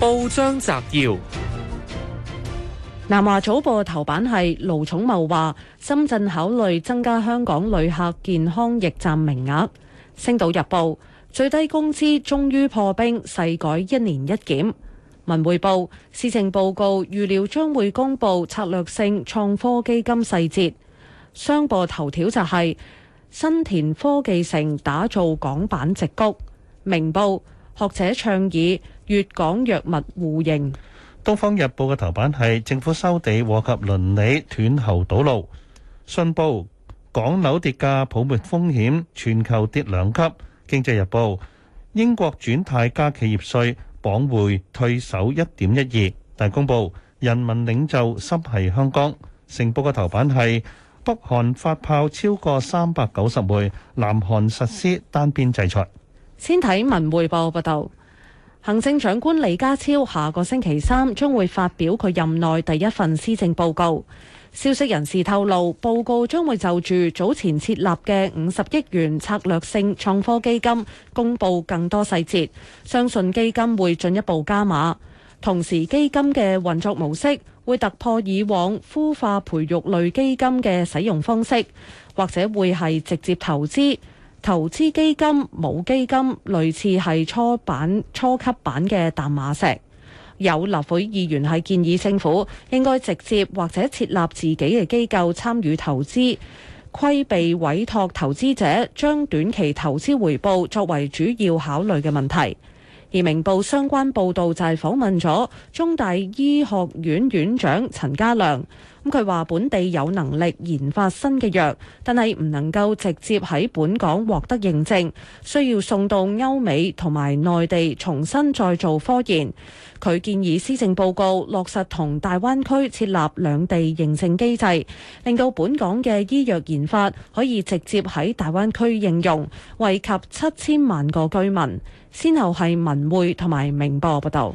報章摘要：南華早報頭版係盧寵茂話，深圳考慮增加香港旅客健康驛站名額。星島日報最低工資終於破冰，世改一年一檢。文匯報施政報告預料將會公布策略性創科基金細節。商報頭條就係、是、新田科技城打造港版直谷。明報學者倡議。粵港藥物互認。《東方日報》嘅頭版係政府收地和及倫理斷喉堵路。《信報》港樓跌價泡沫風險全球跌兩級。《經濟日報》英國轉軚加企業稅，鎊匯退守一點一二。《大公報》人民領袖心繫香港。《成報》嘅頭版係北韓發炮超過三百九十枚，南韓實施單邊制裁。先睇文匯報報道。行政長官李家超下個星期三將會發表佢任內第一份施政報告。消息人士透露，報告將會就住早前設立嘅五十億元策略性創科基金，公布更多細節。相信基金會進一步加碼，同時基金嘅運作模式會突破以往孵化培育類基金嘅使用方式，或者會係直接投資。投資基金冇基金，類似係初版初級版嘅淡馬石。有立會議員係建議政府應該直接或者設立自己嘅機構參與投資，規避委託投資者將短期投資回報作為主要考慮嘅問題。而明報相關報導就係訪問咗中大醫學院院長陳家亮。佢話：本地有能力研發新嘅藥，但係唔能夠直接喺本港獲得認證，需要送到歐美同埋內地重新再做科研。佢建議施政報告落實同大灣區設立兩地認證機制，令到本港嘅醫藥研發可以直接喺大灣區應用，惠及七千萬個居民。先後係文匯同埋明報報道。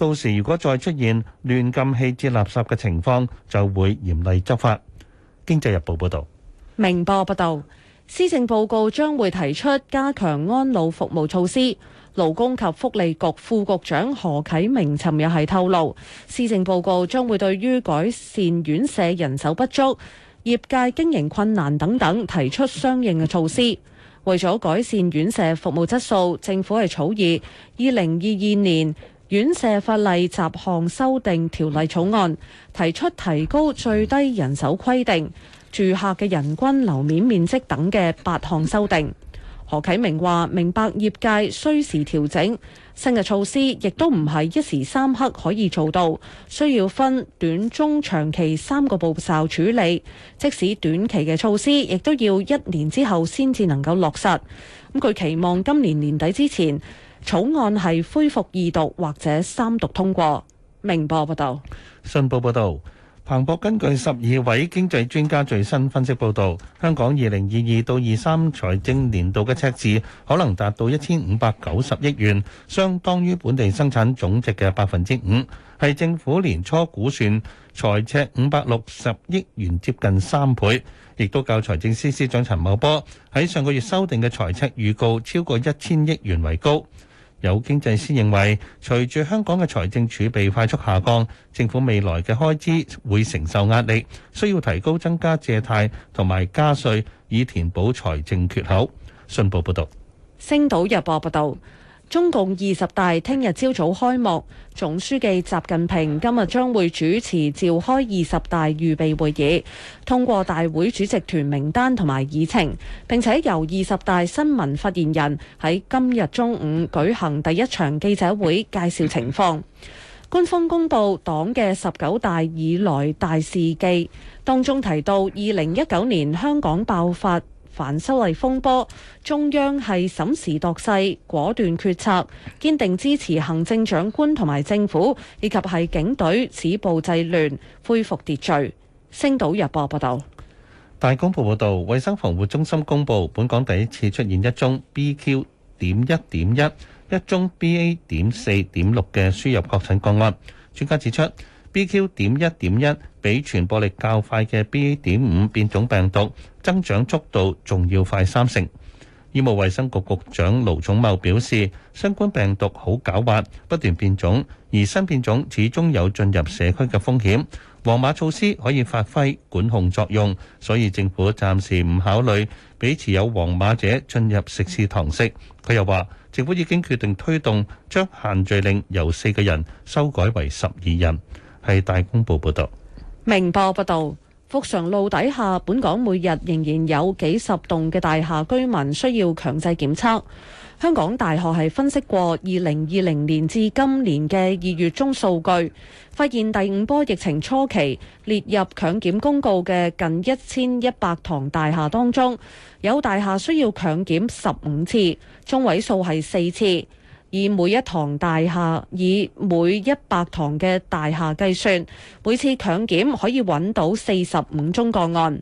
到時如果再出現亂禁棄置垃圾嘅情況，就會嚴厲執法。《經濟日報》報道，明報報道，施政報告將會提出加強安老服務措施。勞工及福利局副局長何啟明尋日係透露，施政報告將會對於改善院舍人手不足、業界經營困難等等提出相應嘅措施。為咗改善院舍服務質素，政府係草擬二零二二年。院舍法例雜項修訂條例草案，提出提高最低人手規定、住客嘅人均樓面面積等嘅八項修訂。何啟明話：明白業界需時調整，新嘅措施亦都唔係一時三刻可以做到，需要分短、中、長期三個步驟處理。即使短期嘅措施，亦都要一年之後先至能夠落實。咁佢期望今年年底之前，草案係恢復二讀或者三讀通過。明報報道，信報報道，彭博根據十二位經濟專家最新分析報道，香港二零二二到二三財政年度嘅赤字可能達到一千五百九十億元，相當於本地生產總值嘅百分之五，係政府年初估算財赤五百六十億元，接近三倍，亦都較財政司司長陳茂波喺上個月修訂嘅財赤預告超過一千億元為高。有經濟師認為，隨住香港嘅財政儲備快速下降，政府未來嘅開支會承受壓力，需要提高增加借貸同埋加稅，以填補財政缺口。信報報導。星島日報報導。中共二十大聽日朝早開幕，總書記習近平今日將會主持召開二十大預備會議，通過大會主席團名單同埋議程，並且由二十大新聞發言人喺今日中午舉行第一場記者會介紹情況。官方公布黨嘅十九大以來大事記，當中提到二零一九年香港爆發反修例風波，中央係審時度勢，果斷決策，堅定支持行政長官同埋政府，以及係警隊止暴制亂，恢復秩序。星島日報報道，《大公報》報道，衞生防護中心公布，本港第一次出現一宗 BQ. 點一點一、一宗 BA. 點四點六嘅輸入確診個案。專家指出，BQ. 點一點一比傳播力較快嘅 BA. 點五變種病毒增長速度仲要快三成。醫務衛生局局長盧寵茂表示，相關病毒好狡猾，不斷變種，而新變種始終有進入社區嘅風險。黃碼措施可以發揮管控作用，所以政府暫時唔考慮俾持有黃碼者進入食肆堂食。佢又話，政府已經決定推動將限聚令由四個人修改為十二人。係大公報報道，明報報道，復常路底下，本港每日仍然有幾十棟嘅大廈居民需要強制檢測。香港大學係分析過二零二零年至今年嘅二月中數據，發現第五波疫情初期列入強檢公告嘅近一千一百堂大廈當中，有大廈需要強檢十五次，中位數係四次。以每一堂大廈，以每一百堂嘅大廈計算，每次強檢可以揾到四十五宗個案。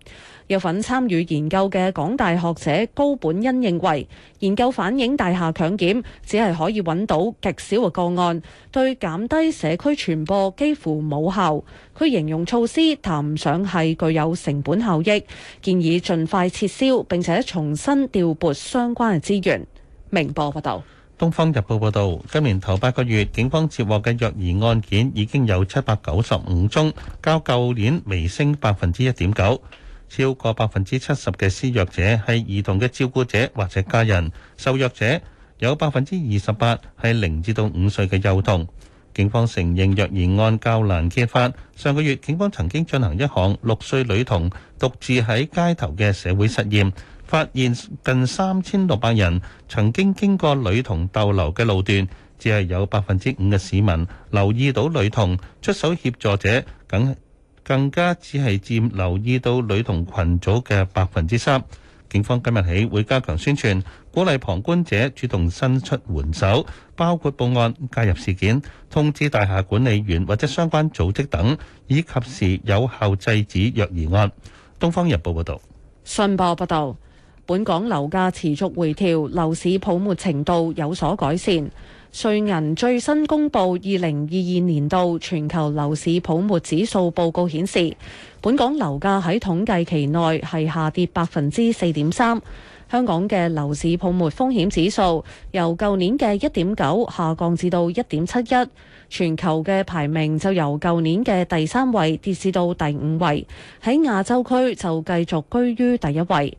有份參與研究嘅港大學者高本恩認為，研究反映大廈強檢只係可以揾到極少嘅個案，對減低社區傳播幾乎冇效。佢形容措施談唔上係具有成本效益，建議盡快撤銷並且重新調撥相關嘅資源。明報報導。《東方日報》報導，今年頭八個月，警方接獲嘅虐兒案件已經有七百九十五宗，較舊年微升百分之一點九。超過百分之七十嘅施虐者係兒童嘅照顧者或者家人，受虐者有百分之二十八係零至到五歲嘅幼童。警方承認虐兒案較難揭發，上個月警方曾經進行一項六歲女童獨自喺街頭嘅社會實驗。發現近三千六百人曾經經過女童逗留嘅路段，只係有百分之五嘅市民留意到女童，出手協助者，更更加只係佔留意到女童羣組嘅百分之三。警方今日起會加強宣傳，鼓勵旁觀者主動伸出援手，包括報案、介入事件、通知大廈管理員或者相關組織等，以及時有效制止虐兒案。《東方日報》報道。《信報》報道。本港樓價持續回調，樓市泡沫程度有所改善。瑞銀最新公布二零二二年度全球樓市泡沫指數報告顯示，本港樓價喺統計期內係下跌百分之四點三。香港嘅樓市泡沫風險指數由舊年嘅一點九下降至到一點七一，全球嘅排名就由舊年嘅第三位跌至到第五位。喺亞洲區就繼續居於第一位。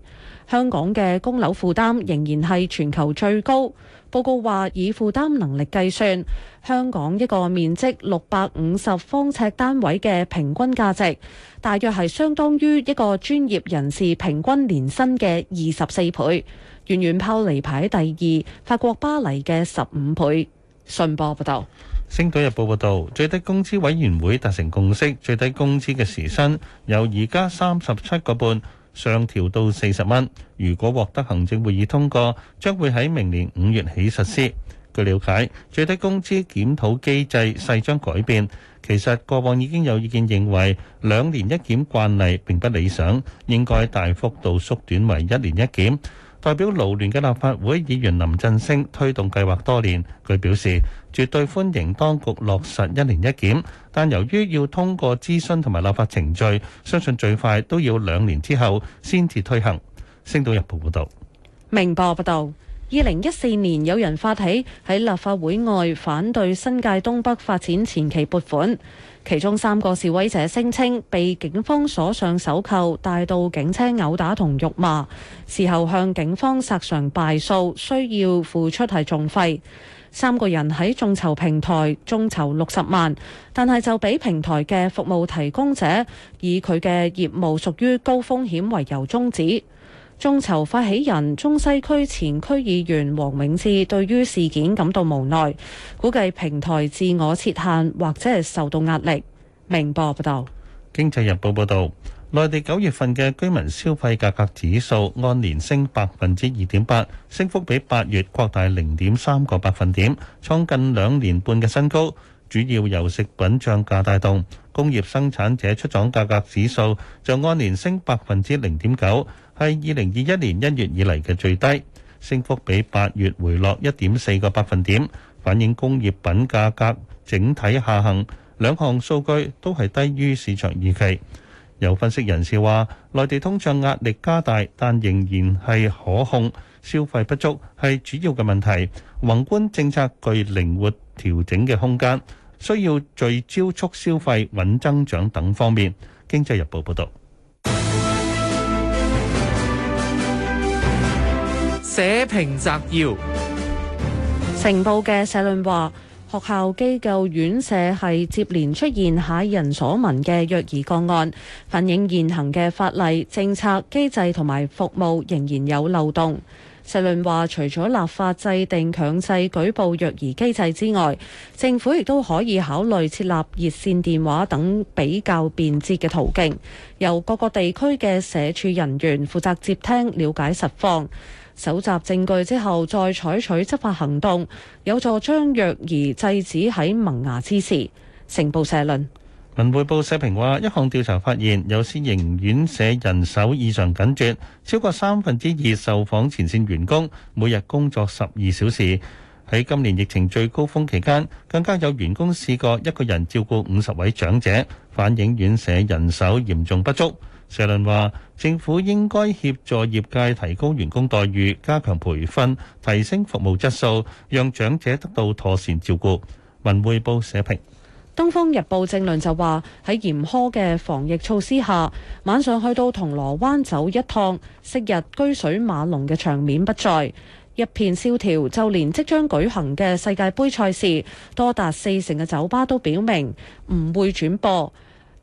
香港嘅供樓負擔仍然係全球最高。報告話，以負擔能力計算，香港一個面積六百五十方尺單位嘅平均價值，大約係相當於一個專業人士平均年薪嘅二十四倍，遠遠拋離排第二，法國巴黎嘅十五倍。《信報》報道，《星島日報》報道，最低工資委員會達成共識，最低工資嘅時薪由而家三十七個半，上調到四十蚊，如果獲得行政會議通過，將會喺明年五月起實施。據了解，最低工資檢討機制勢將改變。其實過往已經有意見認為，兩年一檢慣例並不理想，應該大幅度縮短為一年一檢。代表勞聯嘅立法會議員林振昇推動計劃多年，佢表示：絕對歡迎當局落實一年一檢，但由於要通過諮詢同埋立法程序，相信最快都要兩年之後先至推行。星島日報報道：「明報報道，二零一四年有人發起喺立法會外反對新界東北發展前期撥款，其中三個示威者聲稱被警方鎖上手扣，帶到警車毆打同辱罵，事後向警方索償敗訴，需要付出係重費。三個人喺眾籌平台眾籌六十萬，但係就俾平台嘅服務提供者以佢嘅業務屬於高風險為由終止。眾籌發起人中西區前區議員黃永志對於事件感到無奈，估計平台自我設限或者係受到壓力。明報報道。《經濟日報》報道。內地九月份嘅居民消費價格指數按年升百分之二點八，升幅比八月擴大零點三個百分點，創近兩年半嘅新高。主要由食品漲價帶動。工業生產者出廠價格指數就按年升百分之零點九，係二零二一年一月以嚟嘅最低，升幅比八月回落一點四個百分點，反映工業品價格整體下行。兩項數據都係低於市場預期。有分析人士話：內地通脹壓力加大，但仍然係可控。消費不足係主要嘅問題。宏觀政策具靈活調整嘅空間，需要聚焦促消費、穩增長等方面。經濟日報報導。社評摘要，成報嘅社論話。學校、機構、院舍係接連出現駭人聽聞嘅虐兒個案，反映現行嘅法例、政策、機制同埋服務仍然有漏洞。社論話：除咗立法制定強制舉報虐兒機制之外，政府亦都可以考慮設立熱線電話等比較便捷嘅途徑，由各個地區嘅社署人員負責接聽、了解實況。搜集證據之後再採取執法行動，有助將弱兒制止喺萌芽之時。成報社論。文匯報社評話，一項調查發現，有私營院舍人手異常緊絀，超過三分之二受訪前線員工每日工作十二小時。喺今年疫情最高峰期間，更加有員工試過一個人照顧五十位長者，反映院舍人手嚴重不足。社論話，政府應該協助業界提高員工待遇，加強培訓，提升服務質素，讓長者得到妥善照顧。文匯報社評，《東方日報》政論就話，喺嚴苛嘅防疫措施下，晚上去到銅鑼灣走一趟，昔日車水馬龍嘅場面不再。一片蕭條。就連即將舉行嘅世界盃賽事，多達四成嘅酒吧都表明唔會轉播。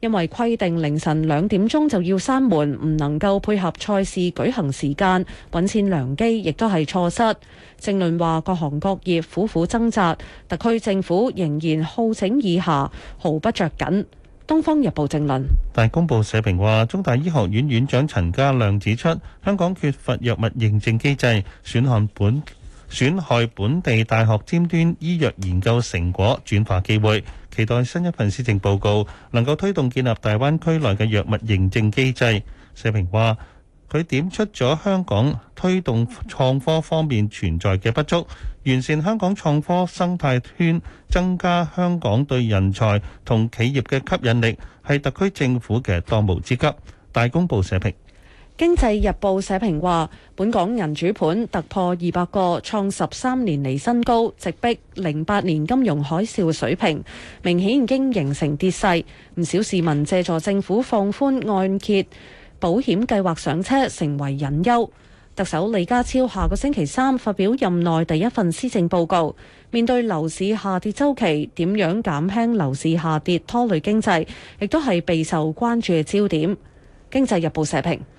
因為規定凌晨兩點鐘就要閂門，唔能夠配合賽事舉行時間，揾錢良機亦都係錯失。正論話各行各業苦苦掙扎，特區政府仍然好整以暇，毫不着緊。《東方日報》正論。大公報社評話，中大醫學院院長陳家亮指出，香港缺乏藥物認證機制，選項本。損害本地大學尖端醫藥研究成果轉化機會，期待新一份施政報告能夠推動建立大灣區內嘅藥物認證機制。社評話，佢點出咗香港推動創科方面存在嘅不足，完善香港創科生態圈，增加香港對人才同企業嘅吸引力，係特區政府嘅當務之急。大公報社評。經濟日報社評話，本港銀主盤突破二百個，創十三年嚟新高，直逼零八年金融海嘯水平，明顯已經形成跌勢。唔少市民借助政府放寬按揭保險計劃上車，成為隱憂。特首李家超下個星期三發表任內第一份施政報告，面對樓市下跌周期，點樣減輕樓市下跌拖累經濟，亦都係備受關注嘅焦點。經濟日報社評。